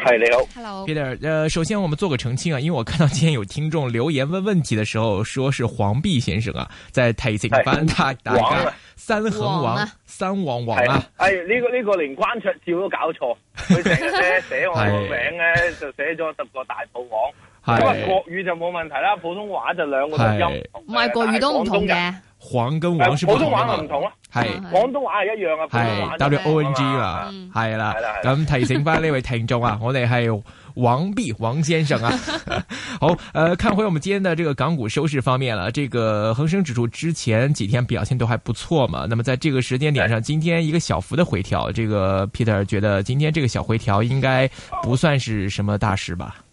係你好，Hello Peter、呃。誒，首先我們做個澄清啊，因為我看到今天有聽眾留言問問題的時候，說是王弼先生啊，在提醒翻，黃三橫王，王、啊、三王王啊，係呢、啊哎這個呢、這個連關卓照都搞錯，佢成日咧寫我個名咧、啊、 就寫咗十個大肚王。 咁啊，國語就冇問題啦，普通話就兩個讀音，唔、哎、係國語都唔同嘅。黃跟王是、哎，普通話唔同咯、啊，係、嗯、廣、哎、東話係一樣嘅。係 W O N G 嘛，係啦，咁提醒翻呢位聽眾啊，我哋係黃弼黃先生啊。嗯嗯、 好，誒、呃，看回我們今天的這個港股收市方面啦，這個恒生指數之前幾天表現都還不錯嘛，那麼在這個時間點上，今天一個小幅的回調，這個 Peter 覺得今天這個小回調應該不算是什麼大事吧。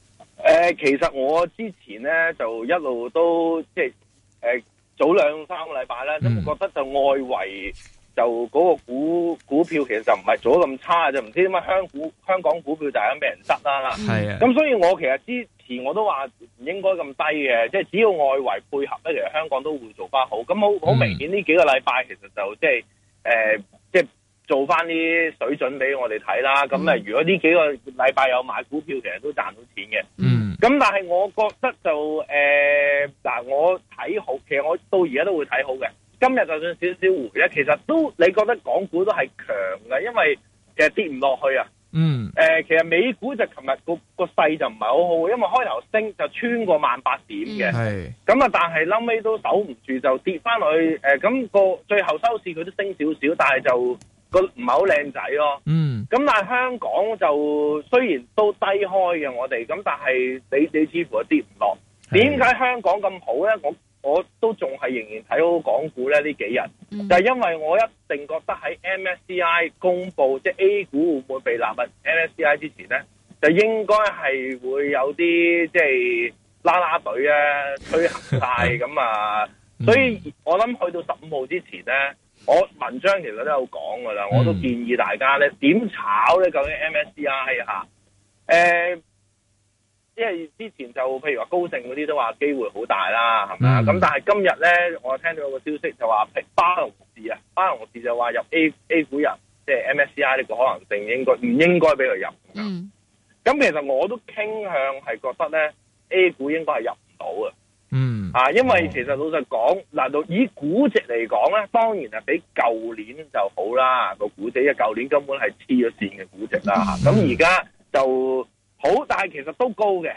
誒、呃，其實我之前咧就一路都即係誒早兩三個禮拜呢，就、呃呢嗯、覺得就外圍就嗰個股股票其實就唔係做得咁差，就唔知點解香港香港股票就係咁俾人得啦啦。係啊，咁所以我其實之前我都話唔應該咁低嘅，即係只要外圍配合咧，其實香港都會做翻好。咁好好明顯呢幾個禮拜其實就即係誒。呃做翻啲水準俾我哋睇啦，咁啊，如果呢幾個禮拜有買股票，其實都賺到錢嘅。嗯，咁但係我覺得就誒嗱、呃，我睇好，其實我到而家都會睇好嘅。今日就算少少回咧，其實都你覺得港股都係強嘅，因為其實跌唔落去啊。嗯、呃，其實美股就琴日個個勢就唔係好好，因為開頭升就穿過萬八點嘅。係、嗯，咁啊，但係臨尾都守唔住就跌翻落去。誒、呃，咁、那個最後收市佢都升少少，但係就。唔係好靚仔，咯，嗯，咁但係香港就雖然都低開嘅，我哋咁但係你你似乎一跌唔落，點解香港咁好咧？我我都仲係仍然睇好港股咧呢這幾日、嗯，就係、因為我一定覺得喺 MSCI 公布 即係 A 股會唔會被納入 MSCI 之前咧，就應該係會有啲即係拉拉隊啊，推行晒咁 啊，所以、嗯、我諗去到十五號之前咧。我文章其實都有講噶啦，我都建議大家咧，點炒咧，究竟 MSCI 啊？誒、欸，因為之前就譬如話高盛嗰啲都話機會好大啦，係嘛？咁、嗯、但係今日咧，我聽到一個消息就話巴隆士啊，巴隆士就話入 A A 股人，即係 MSCI 呢個可能性應該唔應該俾佢入？咁、嗯、其實我都傾向係覺得咧，A 股應該係入唔到嘅。嗯，啊，因為其實老實講，難道以估值嚟講咧，當然係比舊年就好啦。個估值因為，舊年根本係黐咗線嘅估值啦。咁而家就好，但係其實都高嘅。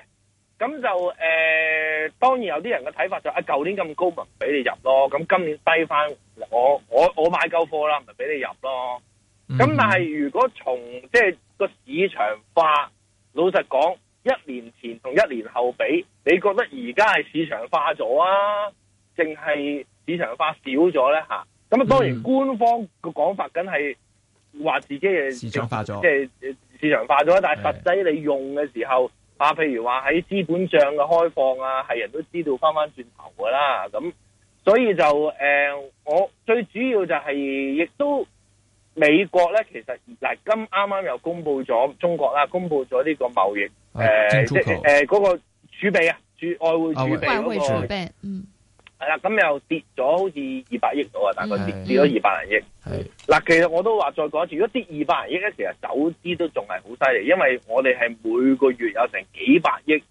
咁就誒、呃，當然有啲人嘅睇法就是，啊，舊年咁高咪唔俾你入咯。咁今年低翻，我我我買夠貨啦，咪俾你入咯。咁但係如果從即係個市場化，老實講。一年前同一年後比，你覺得而家係市場化咗啊？定係市場化少咗咧吓？咁啊，當然官方個講法梗係話自己嘅市場化咗，即係市場化咗。但係實際你用嘅時候啊，譬如話喺資本賬嘅開放啊，係人都知道翻翻轉頭噶啦。咁所以就誒、呃，我最主要就係、是、亦都。美國咧，其實嗱，今啱啱又公布咗中國啦，公布咗呢個貿易誒、啊呃，即係誒嗰個儲備啊，儲外匯儲備嗰、那個、外匯儲備，嗯，係啦，咁又跌咗好似二百億度啊，大概跌跌咗二百零億，係、嗯、嗱、嗯，其實我都話再講住，如果跌二百零億咧，其實走資都仲係好犀利，因為我哋係每個月有成幾百億。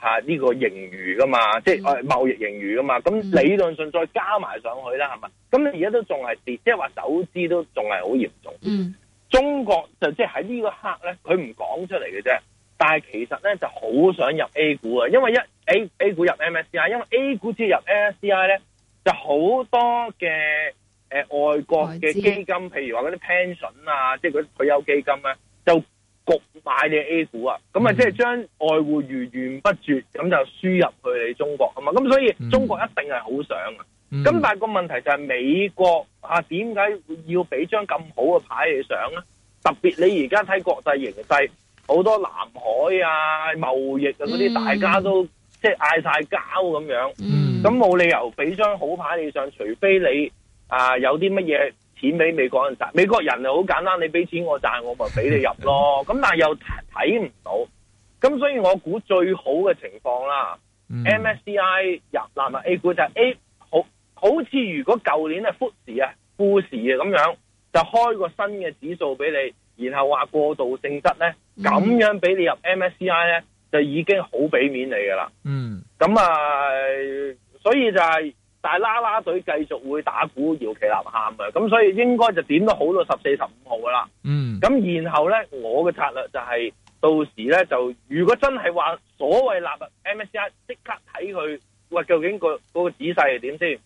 吓、啊、呢、這個盈餘噶嘛，即係貿易盈餘噶嘛，咁、嗯、理論上再加埋上去啦，係、嗯、咪？咁而家都仲係跌，即係話走資都仲係好嚴重。嗯，中國就即係喺呢個刻咧，佢唔講出嚟嘅啫，但係其實咧就好想入 A 股啊，因為一 A A 股入 MSCI，因為 A 股只入 MSCI 咧，就好多嘅誒、呃、外國嘅基金，譬如話嗰啲 pension 啊，即係嗰啲退休基金咧、啊。局買你嘅 A 股啊，咁啊即係將外匯源源不絕咁就輸入去你中國啊嘛，咁所以中國一定係好想啊。咁但係個問題就係美國啊，點解要俾張咁好嘅牌你上咧？特別你而家睇國際形勢，好多南海啊、貿易啊嗰啲、嗯，大家都即係嗌晒交咁樣，咁冇理由俾張好牌你上，除非你啊有啲乜嘢。錢俾美國人賺，美國人就好簡單，你俾錢我賺，我咪俾你入咯。咁 但係又睇唔到，咁所以我估最好嘅情況啦、嗯、，MSCI 入納入 A 股就 A、是哎、好，好似如果舊年嘅富時啊、富時啊咁樣，就開個新嘅指數俾你，然後話過渡性質咧，咁、嗯、樣俾你入 MSCI 咧，就已經好俾面你㗎啦。嗯，咁啊，所以就係、是。但係啦啦隊繼續會打鼓搖旗吶喊啊，咁所以應該就點都好到十四十五號啦。嗯，咁然後咧，我嘅策略就係、是、到時咧就，如果真係話所謂納入 MSCI，即刻睇佢，哇究竟、那個、那個仔細係點先？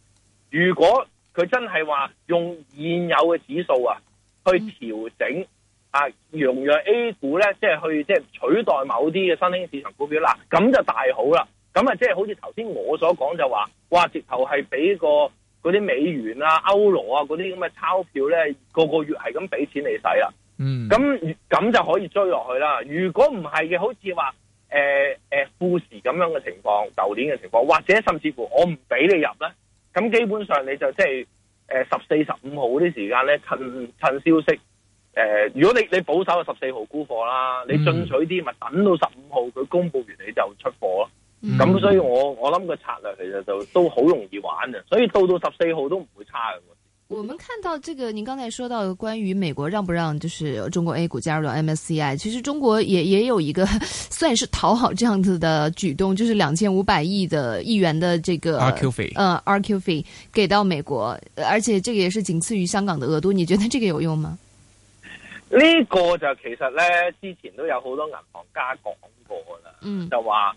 如果佢真係話用現有嘅指數啊去調整啊，容納、mm. 啊、A 股咧，即、就、係、是、去即係、就是、取代某啲嘅新興市場股票啦，咁就大好啦。咁啊，即係好似頭先我所講就話，哇，直頭係俾個嗰啲美元啊、歐羅啊嗰啲咁嘅鈔票咧，個個月係咁俾錢你使啦。嗯，咁咁就可以追落去啦。如果唔係嘅，好似話誒誒富時咁樣嘅情況，舊年嘅情況，或者甚至乎我唔俾你入咧，咁基本上你就即係誒十四、十五號啲時間咧，趁趁消息。誒、呃，如果你你保守啊，十四號沽貨啦，你進取啲，咪、嗯、等到十五號佢公布完你就出貨咯。咁、嗯、所以我我諗個策略其實就都好容易玩嘅。所以到到十四號都唔會差嘅。我們看到這個，您剛才說到的關於美國讓不讓就是中國 A 股加入了 MSCI，其實中國也也有一個算是討好這樣子的舉動，就是兩千五百億的億元的這個 RQ Fee、呃、嗯，RQ Fee 給到美國，而且這個也是僅次於香港的額度。你覺得這個有用嗎？呢個就其實呢之前都有好多銀行家講過啦、嗯，就話。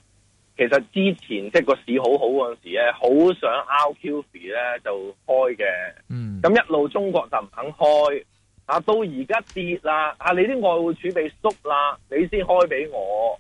其實之前即係個市好好嗰陣時咧，好想 out Q 幣咧就開嘅，咁一路中國就唔肯開，啊到而家跌啦，啊你啲外匯儲備縮啦，你先開俾我。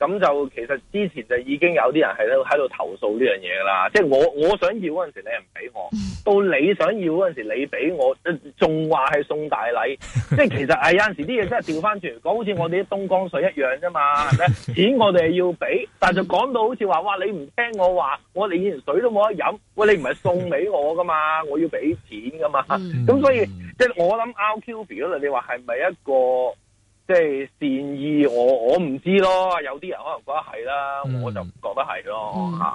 咁就其實之前就已經有啲人喺度喺度投訴呢樣嘢啦，即係我我想要嗰陣時你唔俾我，到你想要嗰陣時你俾我，仲話係送大禮，即 係其實係有陣時啲嘢真係調翻轉嚟講，好似我哋啲東江水一樣啫嘛，係咪？錢我哋係要俾，但係就講到好似話，哇！你唔聽我話，我連水都冇得飲，喂！你唔係送俾我噶嘛，我要俾錢噶嘛，咁所以即係我諗 r q c u i 嗰度，你話係咪一個？即係善意我，我我唔知咯。有啲人可能覺得係啦、嗯，我就唔覺得係咯吓。誒、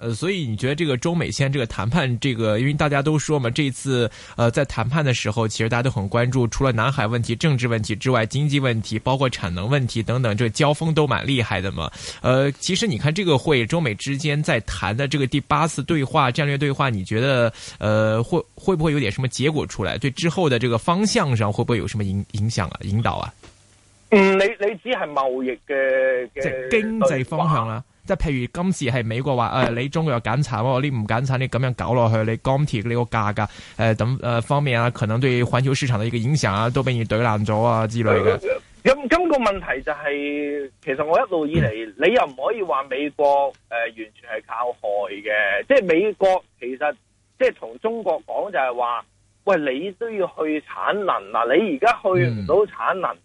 嗯呃，所以你覺得這個中美先，這個談判，這個因為大家都說嘛，這次呃在談判的時候，其實大家都很關注，除了南海問題、政治問題之外，經濟問題、包括產能問題等等，這個、交鋒都蠻厲害的嘛。呃其實你看這個會，中美之間在談的這個第八次對話、戰略對話，你覺得呃會會不會有點什麼結果出來？對之後的這個方向上，會不會有什麼影影響啊、引導啊？嗯，你你只係貿易嘅嘅，就是，經濟方向啦，即、呃、係譬如今次係美國話誒、哎，你中國又減產，你唔減產，你咁樣搞落去，你鋼鐵呢個價格誒等誒方面啊，可能對環球市場嘅一個影響啊，都被你懟爛咗啊之類嘅。咁今個問題就係，是，其實我一路以嚟、嗯，你又唔可以話美國誒、呃、完全係靠害嘅，即係美國其實即係同中國講就係話，喂，你都要去產能嗱，你而家去唔到產能。嗯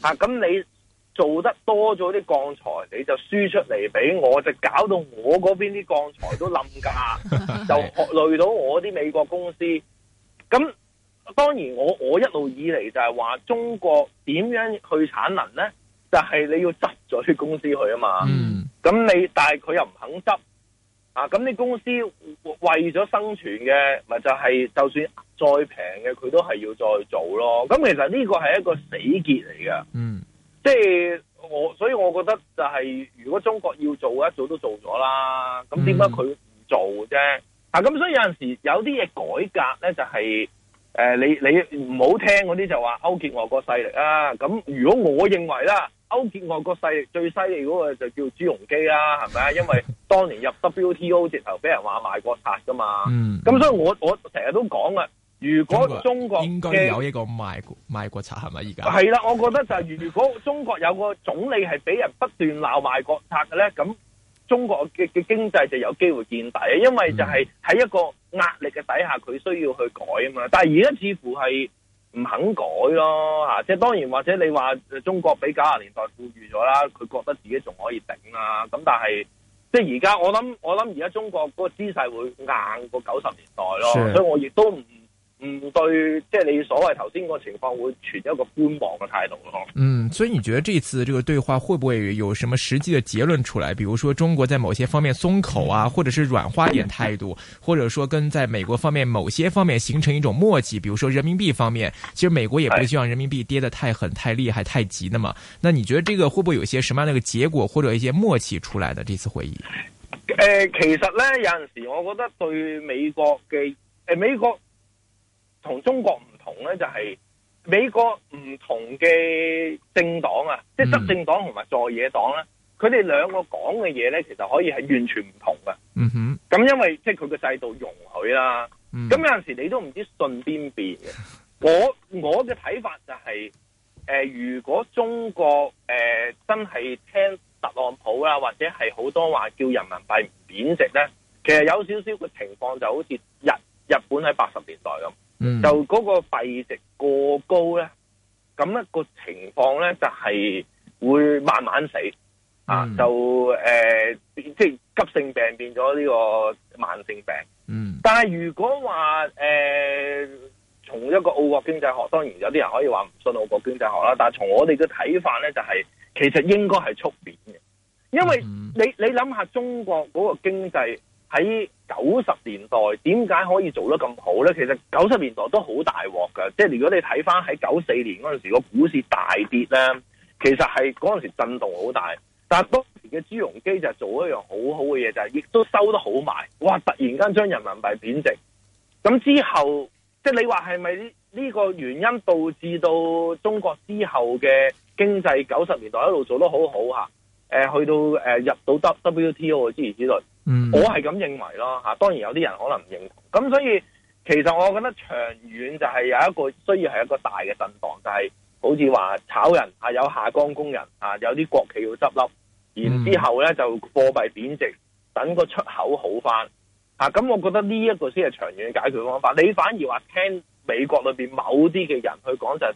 啊！咁你做得多咗啲鋼材，你就輸出嚟俾我，就搞到我嗰邊啲鋼材都冧價， 就累到我啲美國公司。咁當然我，我我一路以嚟就係話中國點樣去產能咧？就係、是、你要執咗啲公司去啊嘛。咁、嗯、你但係佢又唔肯執啊！咁啲公司為咗生存嘅，咪就係、是、就算。再平嘅佢都係要再做咯，咁其實呢個係一個死結嚟嘅，嗯，即係我，所以我覺得就係、是、如果中國要做，一早都做咗啦，咁點解佢唔做啫？咁、嗯啊、所以有陣時有啲嘢改革咧，就係、是呃、你你唔好聽嗰啲就話勾結外國勢力啊，咁如果我認為啦，勾結外國勢力最犀利嗰個就叫朱鎔基啦、啊，係咪？ 因為當年入 WTO 直頭俾人話賣國賊噶嘛，嗯，咁所以我我成日都講啊。如果中國，中國應該有一個賣賣國賊，係咪而家係啦？我覺得就係如果中國有個總理係俾人不斷鬧賣國賊嘅咧，咁中國嘅嘅經濟就有機會見底，因為就係喺一個壓力嘅底下，佢需要去改啊嘛。但係而家似乎係唔肯改咯吓，即、啊、係當然或者你話中國比九十年代富裕咗啦，佢覺得自己仲可以頂啦、啊。咁但係即係而家我諗我諗而家中國嗰個姿勢會硬過九十年代咯，所以我亦都唔。唔對，即係你所謂頭先個情況會存一個觀望嘅態度咯。嗯，所以你覺得這次這個對話會不會有什麼實際嘅結論出來？比如說中國在某些方面鬆口啊，或者是軟化一點態度，或者說跟在美國方面某些方面形成一種默契？比如說人民幣方面，其實美國也不希望人民幣跌得太狠、太厲害、太急的嘛。那你覺得這個會不會有一些什麼樣嘅結果，或者一些默契出來的這次會議、呃？其實呢，有陣時我覺得對美國嘅、呃、美國。同中國唔同咧，就係、是、美國唔同嘅政黨啊，即係執政黨同埋在野黨咧，佢、mm、哋 -hmm. 兩個講嘅嘢咧，其實可以係完全唔同嘅。嗯哼，咁因為即係佢嘅制度容許啦。咁、mm -hmm. 有陣時候你都唔知信邊邊嘅。我我嘅睇法就係、是、誒、呃，如果中國誒、呃、真係聽特朗普啊，或者係好多話叫人民幣貶值咧，其實有少少嘅情況就好似日日本喺八十年代咁。就嗰個幣值過高咧，咁、那、一個情況咧就係、是、會慢慢死、嗯、啊！就誒、呃，即係急性病變咗呢個慢性病。嗯。但係如果話誒，從、呃、一個奧國經濟學，當然有啲人可以話唔信奧國經濟學啦。但係從我哋嘅睇法咧，就係、是、其實應該係觸變嘅，因為你你諗下中國嗰個經濟。喺九十年代點解可以做得咁好呢？其實九十年代都好大鑊噶，即係如果你睇翻喺九四年嗰陣時個股市大跌呢，其實係嗰陣時震動好大。但係當時嘅朱鎔基就做咗一樣好好嘅嘢，就係、是、亦都收得好埋。哇！突然間將人民幣貶值，咁之後即係你話係咪呢個原因導致到中國之後嘅經濟九十年代一路做得好好吓？誒、呃，去到誒、呃、入到 WTO 諸如此類。Mm -hmm. 我係咁認為咯吓，當然有啲人可能唔認同，咁所以其實我覺得長遠就係有一個需要係一個大嘅震盪，就係、是、好似話炒人啊，有下崗工人啊，有啲國企要執笠，然之後咧就貨幣貶值，等個出口好翻吓，咁我覺得呢一個先係長遠嘅解決方法。你反而話聽美國裏邊某啲嘅人去講就係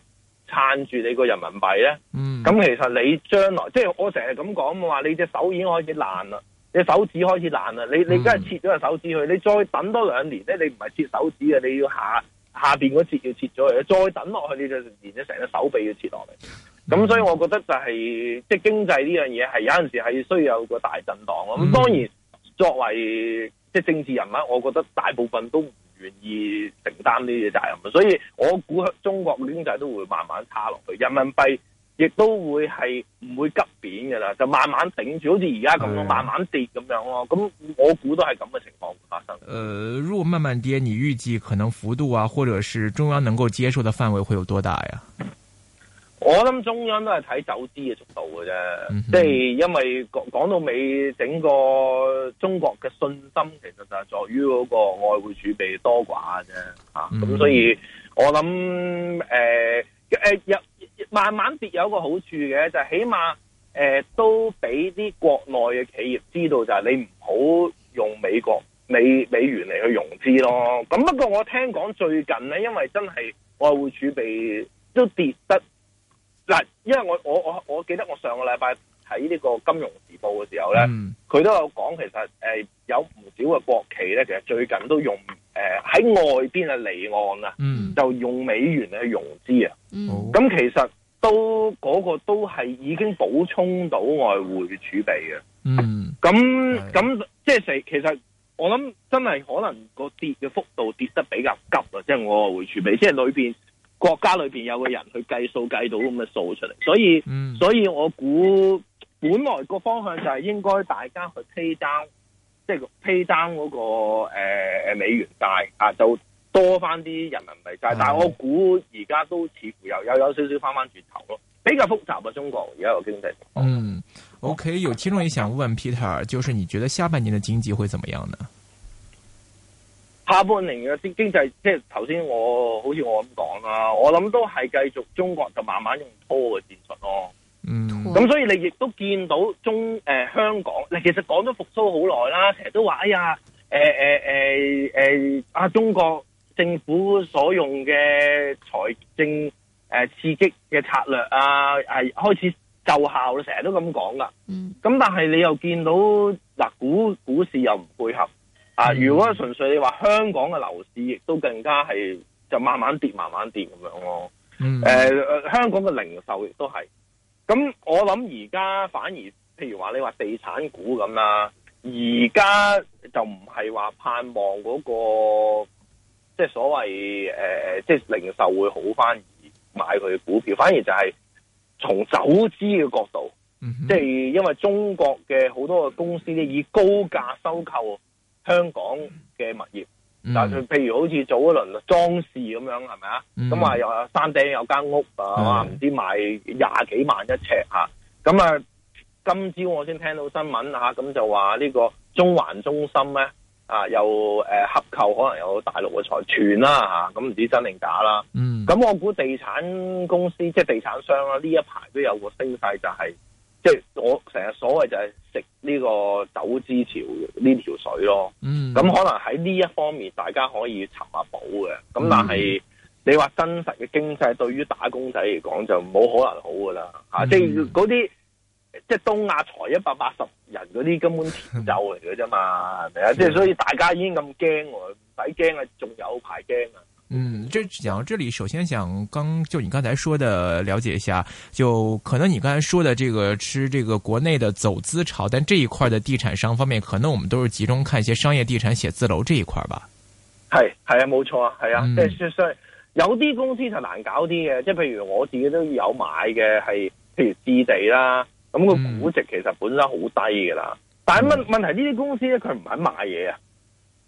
撐住你個人民幣咧，咁、mm -hmm. 其實你將來即係我成日咁講，話你隻手已經開始爛啦。你手指開始爛啦，你你梗係切咗個手指去，你再等多兩年咧，你唔係切手指啊，你要下下邊嗰節要切咗嚟，再等落去你就連咗成隻手臂要切落嚟。咁所以我覺得就係、是、即係經濟呢樣嘢係有陣時係需要有個大震盪。咁當然作為即係政治人物，我覺得大部分都唔願意承擔呢啲責任啊。所以我估中國經濟都會慢慢差落去，人民幣。亦都會係唔會急變噶啦，就慢慢頂住，好似而家咁樣，慢慢跌咁樣咯。咁我估都係咁嘅情況會發生。誒、呃，如果慢慢跌，你預計可能幅度啊，或者是中央能夠接受的範圍會有多大呀、啊？我諗中央都係睇走資嘅速度嘅啫，即、嗯、係、就是、因為講講到尾，整個中國嘅信心其實就係在於嗰個外匯儲備的多寡啫。吓、嗯，咁、啊、所以我諗誒一一。一一慢慢跌有個好處嘅，就係、起碼誒、呃、都俾啲國內嘅企業知道，就係你唔好用美國美美元嚟去融資咯。咁不過我聽講最近咧，因為真係外匯儲備都跌得嗱，因為我我我我記得我上個禮拜睇呢個《金融時報》嘅時候咧，佢、嗯、都有講其實誒、呃、有唔少嘅國企咧，其實最近都用誒喺、呃、外邊啊離岸啊，、嗯，就用美元嚟去融資啊。咁、嗯、其實都嗰、那個都係已經補充到外匯儲備嘅，咁、嗯、咁即係其實我諗真係可能個跌嘅幅度跌得比較急啊，即係我外匯儲備，嗯、即係裏面國家裏面有個人去計數計到咁嘅數出嚟，所以、嗯、所以我估本來個方向就係應該大家去 pay down、那個，即係 pay down 嗰個美元大啊到。就多返啲人民幣債、啊，但係我估而家都似乎又有,有有少少返返轉頭咯，比較複雜啊！中國而家個經濟嗯，o、okay, k 有聽眾亦想問 Peter，就是你覺得下半年嘅經濟會怎麼樣呢？下半年嘅經濟即係頭先我好似我咁講啦，我諗都係繼續中國就慢慢用拖嘅戰術咯。嗯，咁所以你亦都見到中誒、呃、香港，你其實講咗復甦好耐啦，成日都話哎呀誒誒、呃呃呃呃呃、啊中國。政府所用嘅財政誒刺激嘅策略啊，係開始奏效啦，成日都咁講噶。咁、嗯、但係你又見到嗱、啊，股股市又唔配合啊、嗯。如果純粹你話香港嘅樓市亦都更加係就慢慢跌，慢慢跌咁樣咯、啊。誒、嗯呃，香港嘅零售亦都係。咁我諗而家反而，譬如話你話地產股咁啦、啊，而家就唔係話盼望嗰、嗰個。即係所謂誒、呃，即係零售會好翻而買佢股票，反而就係從走資嘅角度，嗯、即係因為中國嘅好多個公司咧以高價收購香港嘅物業，嗯、但佢譬如好似早一輪裝飾咁樣，係咪、嗯、啊？咁又有山頂有間屋啊，唔知賣廿幾萬一尺嚇。咁啊，今朝我先聽到新聞嚇，咁、啊、就話呢個中環中心咧。啊，又、呃、合購可能有大陸嘅財團啦，咁、唔、啊啊、知真定假啦。嗯，咁我估地產公司即係地產商啦、啊，呢一排都有個升勢，就是，就係、是、即係我成日所謂就係食呢個走資潮呢條水咯。嗯，咁可能喺呢一方面，大家可以尋下寶嘅。咁但係、嗯、你話真實嘅經濟對於打工仔嚟講就冇可能好噶啦嚇即係嗰啲。啊嗯啊就是即係東亞財一百八十人嗰啲根本前奏嚟嘅啫嘛，係咪啊？即係所以大家已經咁驚，唔使驚啊，仲有排驚啊。嗯，即係講到這裡，首先想剛就你剛才說的了解一下，就可能你剛才說的這個吃這個國內的走資潮，但這一塊的地產商方面，可能我們都是集中看一些商業地產、寫字樓這一塊吧。係係啊，冇錯是啊，係、嗯、啊。即係說，所以有啲公司就難搞啲嘅，即係譬如我自己都有買嘅，係譬如置地啦。咁個估值其實本身好低噶啦、嗯，但係問問題呢啲公司咧，佢唔肯賣嘢啊，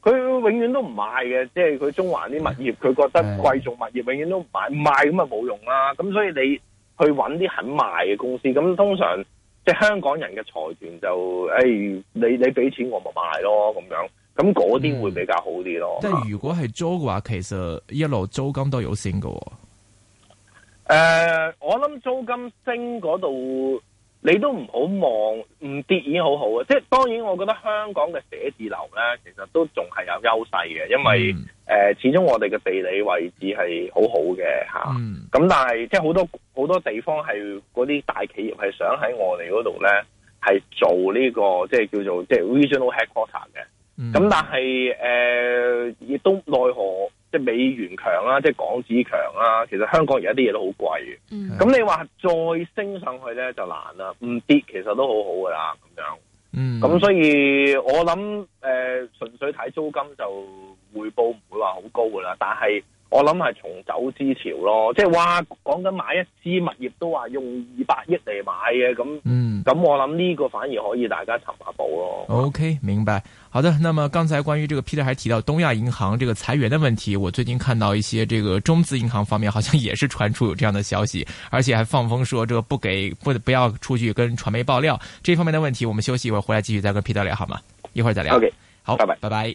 佢永遠都唔賣嘅，即係佢中環啲物業，佢、嗯、覺得貴重物業永遠都唔賣，唔賣咁啊冇用啦。咁、嗯、所以你去揾啲肯賣嘅公司，咁通常即係、就是、香港人嘅財團就誒、哎，你你俾錢我咪賣咯咁樣，咁嗰啲會比較好啲咯。即、嗯、係如果係租嘅話，其實一路租金都有升嘅。哦。誒、呃，我諗租金升嗰度。你都唔好望唔跌已經好好啊！即係當然，我覺得香港嘅寫字樓咧，其實都仲係有優勢嘅，因為誒、mm. 呃，始終我哋嘅地理位置係好好嘅嚇。咁但係即係好多好多地方係嗰啲大企業係想喺我哋嗰度咧，係做呢個即係叫做即係 Regional Headquarter 嘅。咁、mm. 但係誒，亦都奈何。即係美元強啦，即係港紙強啦。其實香港而家啲嘢都好貴嘅。咁、嗯、你話再升上去咧就難啦。唔跌其實都好好噶啦咁樣。咁、嗯、所以我諗誒、呃，純粹睇租金就回報唔會話好高噶啦。但係我諗係重走資潮咯，即係話，講緊買一支物業都話用二百億嚟買嘅，咁，咁、嗯、我諗呢個反而可以大家尋下寶咯。OK，明白，好的。那麼剛才關於這個 Peter 還提到東亞銀行這個裁員的問題，我最近看到一些這個中資銀行方面好像也是傳出有這樣的消息，而且還放風說這個不給不不要出去跟傳媒爆料這方面的問題。我們休息一會，回來繼續再跟 Peter 聊，好嗎？一會兒再聊。OK，好，拜拜，拜拜。